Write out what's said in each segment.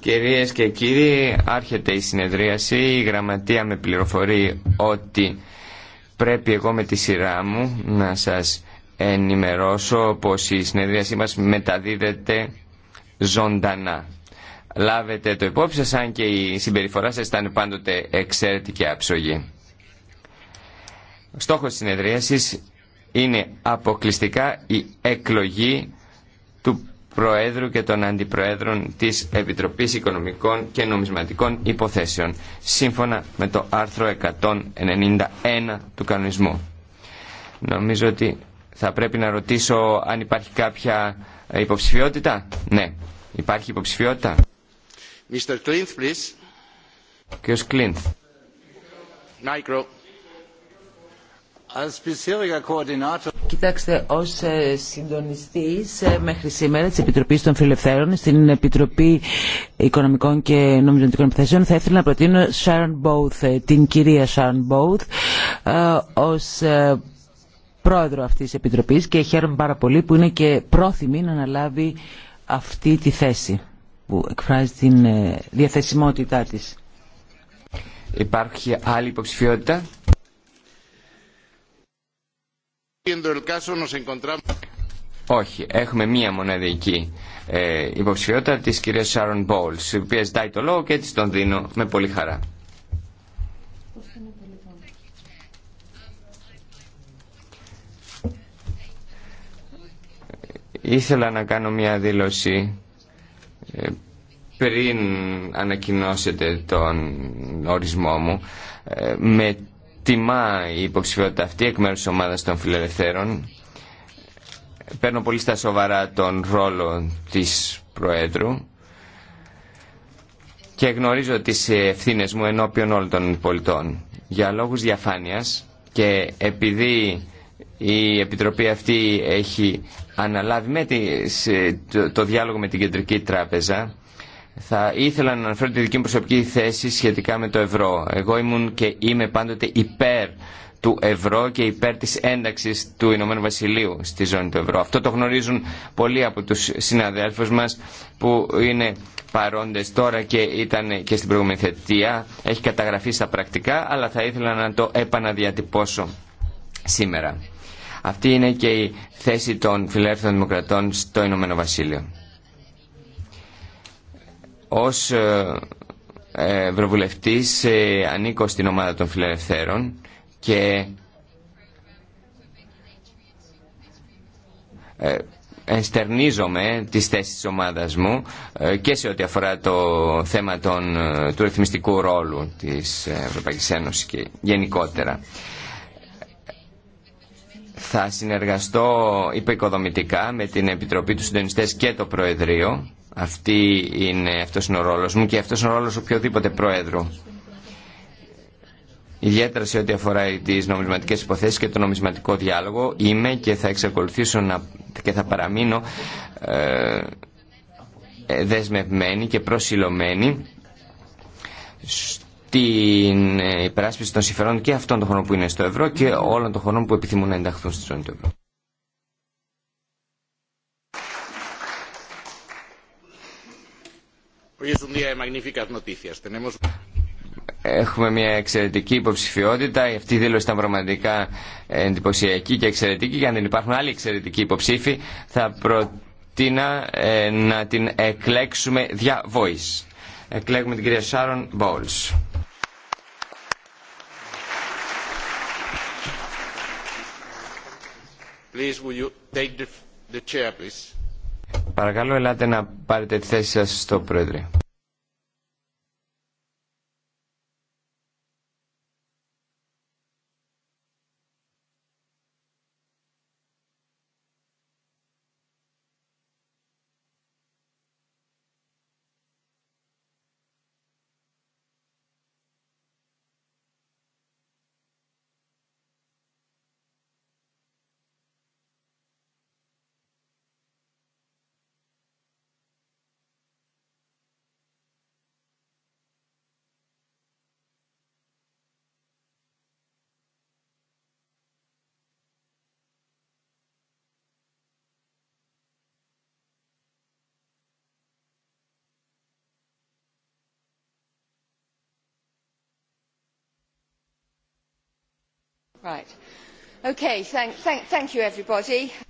Κυρίες και κύριοι, άρχεται η συνεδρίαση. Η γραμματεία με πληροφορεί ότι πρέπει εγώ με τη σειρά μου να σας ενημερώσω πως η συνεδρίασή μας μεταδίδεται ζωντανά. Λάβετε το υπόψη σας, αν και η συμπεριφορά σας ήταν πάντοτε εξαίρετη και άψογη. Στόχος της συνεδρίασης είναι αποκλειστικά η εκλογή του Προέδρου και των Αντιπροέδρων της Επιτροπής Οικονομικών και Νομισματικών Υποθέσεων, σύμφωνα με το άρθρο 191 του κανονισμού. Νομίζω ότι θα πρέπει να ρωτήσω αν υπάρχει κάποια υποψηφιότητα. Ναι, υπάρχει υποψηφιότητα. Mr. Clint, please. Κύριος Κλίνθ. Micro. Κοιτάξτε, ω ε, συντονιστή ε, μέχρι σήμερα τη Επιτροπή των Φιλελευθέρων στην Επιτροπή Οικονομικών και Νομισματικών Επιθέσεων θα ήθελα να προτείνω Sharon Both, ε, την κυρία Sharon Both ω πρόεδρο αυτή τη Επιτροπή και χαίρομαι πάρα πολύ που είναι και πρόθυμη να αναλάβει αυτή τη θέση που εκφράζει την διαθεσιμότητά τη. Υπάρχει άλλη υποψηφιότητα. Όχι, έχουμε μία μοναδική ε, υποψηφιότητα της κυρίας Σάρων Μπόλ, η οποία ζητάει το λόγο και της τον δίνω με πολύ χαρά. Ήθελα να κάνω μία δήλωση ε, πριν ανακοινώσετε τον ορισμό μου. Ε, με τιμά η υποψηφιότητα αυτή εκ μέρους της ομάδας των φιλελευθέρων. Παίρνω πολύ στα σοβαρά τον ρόλο της Προέδρου και γνωρίζω τις ευθύνε μου ενώπιον όλων των πολιτών. Για λόγους διαφάνειας και επειδή η Επιτροπή αυτή έχει αναλάβει το διάλογο με την Κεντρική Τράπεζα θα ήθελα να αναφέρω τη δική μου προσωπική θέση σχετικά με το ευρώ. Εγώ ήμουν και είμαι πάντοτε υπέρ του ευρώ και υπέρ της ένταξης του Ηνωμένου Βασιλείου στη ζώνη του ευρώ. Αυτό το γνωρίζουν πολλοί από τους συναδέλφους μας που είναι παρόντες τώρα και ήταν και στην προηγούμενη θετία. Έχει καταγραφεί στα πρακτικά, αλλά θα ήθελα να το επαναδιατυπώσω σήμερα. Αυτή είναι και η θέση των φιλελεύθερων δημοκρατών στο Ηνωμένο Βασίλειο. Ως ε, ε, ευρωβουλευτής ε, ανήκω στην ομάδα των φιλελευθέρων και ενστερνίζομαι τις θέσεις της ομάδας μου και σε ό,τι αφορά το θέμα του ρυθμιστικού ρόλου της Ευρωπαϊκής Ένωσης και γενικότερα. Θα συνεργαστώ υπεκοδομητικά με την Επιτροπή του συντονιστέ και το Προεδρείο. Αυτή είναι, αυτός είναι ο ρόλος μου και αυτός είναι ο ρόλος οποιοδήποτε Προέδρου. Ιδιαίτερα σε ό,τι αφορά τις νομισματικές υποθέσεις και το νομισματικό διάλογο είμαι και θα εξακολουθήσω να, και θα παραμείνω ε, δεσμευμένη και προσιλωμένη την ε, υπεράσπιση των συμφερών και αυτών των χωρών που είναι στο ευρώ και όλων των χωρών που επιθυμούν να ενταχθούν στη ζώνη του ευρώ. Έχουμε μια εξαιρετική υποψηφιότητα. Αυτή η δήλωση ήταν πραγματικά εντυπωσιακή και εξαιρετική. Και αν δεν υπάρχουν άλλοι εξαιρετικοί υποψήφοι, θα προτείνα ε, να την εκλέξουμε δια voice. Εκλέγουμε την κυρία Σάρων Please, will you take the chair, please. Παρακαλώ, ελάτε να πάρετε τη θέση σας στο Πρόεδρε.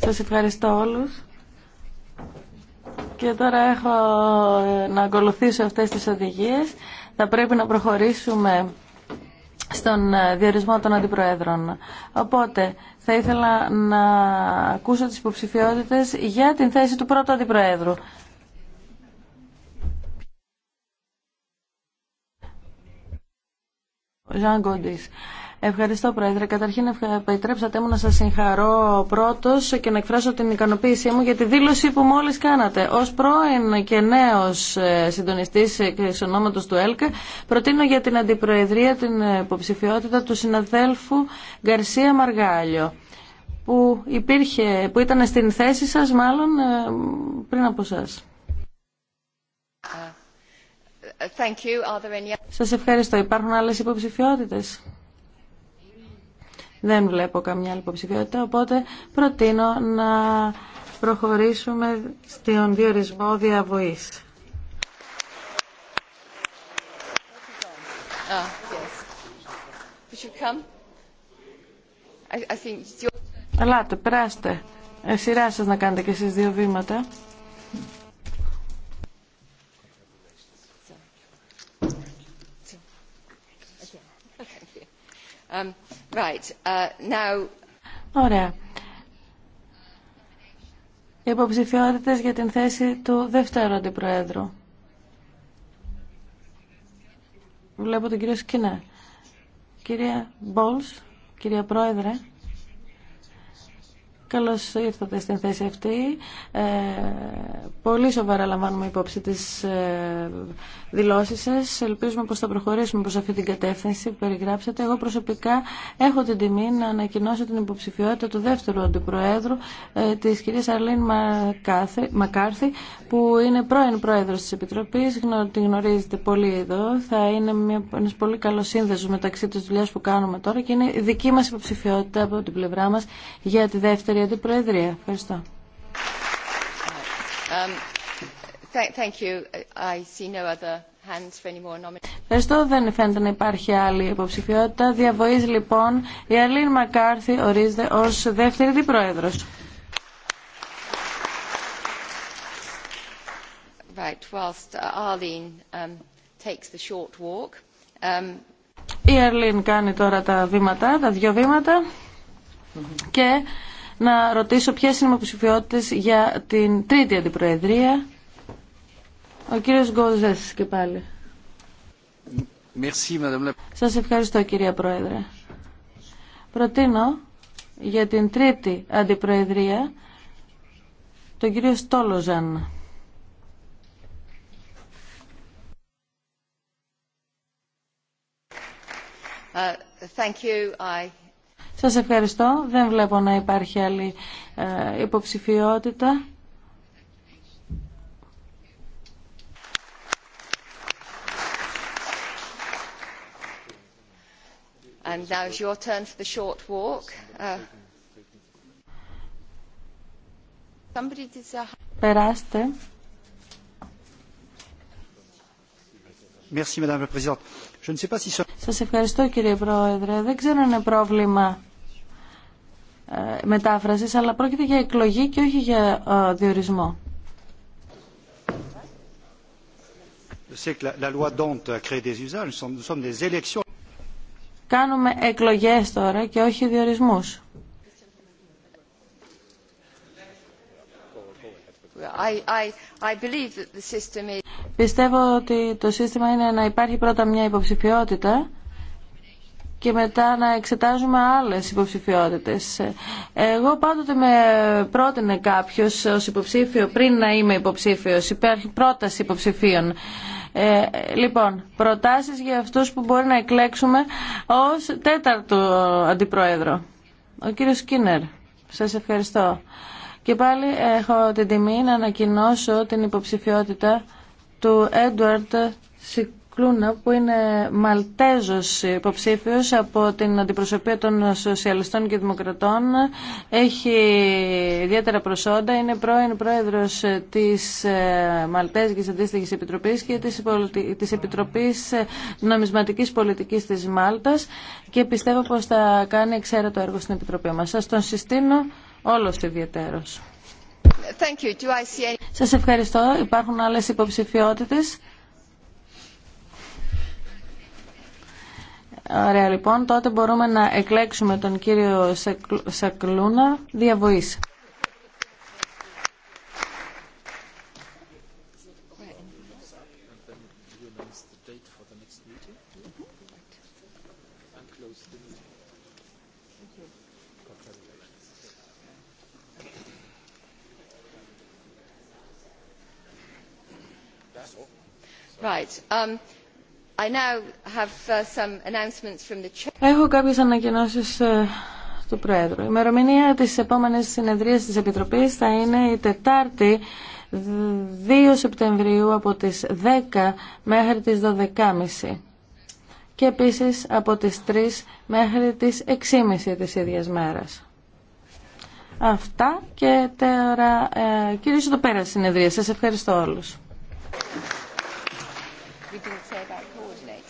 Σας ευχαριστώ όλους. Και τώρα έχω ε, να ακολουθήσω αυτές τις οδηγίες. Θα πρέπει να προχωρήσουμε στον ε, διορισμό των αντιπροέδρων. Οπότε, θα ήθελα να ακούσω τις υποψηφιότητες για την θέση του πρώτου αντιπροέδρου. Jean Ευχαριστώ, Πρόεδρε. Καταρχήν, επιτρέψατε μου να σα συγχαρώ πρώτο και να εκφράσω την ικανοποίησή μου για τη δήλωση που μόλι κάνατε. Ω πρώην και νέο ε, συντονιστή εξ ονόματο του ΕΛΚΑ, προτείνω για την Αντιπροεδρία την υποψηφιότητα του συναδέλφου Γκαρσία Μαργάλιο που, υπήρχε, που ήταν στην θέση σας μάλλον ε, πριν από σας. Thank Σας ευχαριστώ. Υπάρχουν άλλες υποψηφιότητες. Δεν βλέπω καμιά άλλη υποψηφιότητα, οπότε προτείνω να προχωρήσουμε στον διορισμό διαβοής. Ah, Ελάτε, περάστε. Ε, σειρά σας να κάνετε και εσείς δύο βήματα. Uh, Ωραία. για την θέση του δεύτερου αντιπροέδρου. Βλέπω τον κύριο Σκινά. Κυρία Μπόλς, κυρία Πρόεδρε. Καλώς ήρθατε στην θέση αυτή. Ε, πολύ σοβαρά λαμβάνουμε υπόψη τις ε, δηλώσεις σας. Ελπίζουμε πως θα προχωρήσουμε προς αυτή την κατεύθυνση που περιγράψατε. Εγώ προσωπικά έχω την τιμή να ανακοινώσω την υποψηφιότητα του δεύτερου αντιπροέδρου ε, της κυρίας Αρλίν Μακάρθη που είναι πρώην πρόεδρος της Επιτροπής. Την γνωρίζετε πολύ εδώ. Θα είναι μια, ένας πολύ καλός σύνδεσος μεταξύ της δουλειά που κάνουμε τώρα και είναι δική μας υποψηφιότητα από την πλευρά μας για τη δεύτερη Ευχαριστώ. Δεν φαίνεται να υπάρχει άλλη υποψηφιότητα. Διαβοής λοιπόν η Αλήν Μακάρθη ορίζεται ως δεύτερη διπρόεδρος. Um, um, η Αρλίν κάνει τώρα τα βήματα, τα δύο βήματα mm-hmm. και να ρωτήσω ποιες είναι οι για την τρίτη αντιπροεδρία. Ο κύριος Γκόζες και πάλι. Σα Σας ευχαριστώ κυρία Πρόεδρε. Προτείνω για την τρίτη αντιπροεδρία τον κύριο Στόλοζαν. Uh, thank σας ευχαριστώ. Δεν βλέπω να υπάρχει άλλη υποψηφιότητα. Περάστε. Merci, Σας ευχαριστώ κύριε Πρόεδρε. Δεν ξέρω αν είναι πρόβλημα ε, μετάφρασης, αλλά πρόκειται για εκλογή και όχι για διορισμό. Κάνουμε εκλογές τώρα και όχι διορισμούς. Πιστεύω ότι το σύστημα είναι να υπάρχει πρώτα μια υποψηφιότητα και μετά να εξετάζουμε άλλες υποψηφιότητες. Εγώ πάντοτε με πρότεινε κάποιος ως υποψήφιο πριν να είμαι υποψήφιος. Υπάρχει πρόταση υποψηφίων. Ε, λοιπόν, προτάσεις για αυτούς που μπορεί να εκλέξουμε ως τέταρτο αντιπρόεδρο. Ο κύριος Σκίνερ, σας ευχαριστώ. Και πάλι έχω την τιμή να ανακοινώσω την υποψηφιότητα του Έντουαρτ Σικ Κλούνα που είναι Μαλτέζος υποψήφιος από την αντιπροσωπεία των Σοσιαλιστών και Δημοκρατών. Έχει ιδιαίτερα προσόντα, είναι πρώην πρόεδρος της ε, Μαλτέζικης Αντίστοιχης Επιτροπής και της, της Επιτροπής Νομισματικής Πολιτικής της Μάλτας και πιστεύω πως θα κάνει εξαίρετο έργο στην Επιτροπή μας. Σας τον συστήνω όλος ιδιαίτερος. Thank Σας ευχαριστώ. Υπάρχουν άλλες υποψηφιότητες. Ωραία λοιπόν, τότε μπορούμε να εκλέξουμε τον κύριο Σακλούνα διαβοής. Right. Um... Uh, Έχω κάποιες ανακοινώσεις ε, του Πρόεδρου. Η ημερομηνία της επόμενης συνεδρία της Επιτροπής θα είναι η Τετάρτη 2 Σεπτεμβρίου από τις 10 μέχρι τις 12.30 και επίσης από τις 3 μέχρι τις 6.30 της ίδιας μέρας. Αυτά και τώρα ε, κυρίως το πέρα συνεδρία. Σας ευχαριστώ όλους.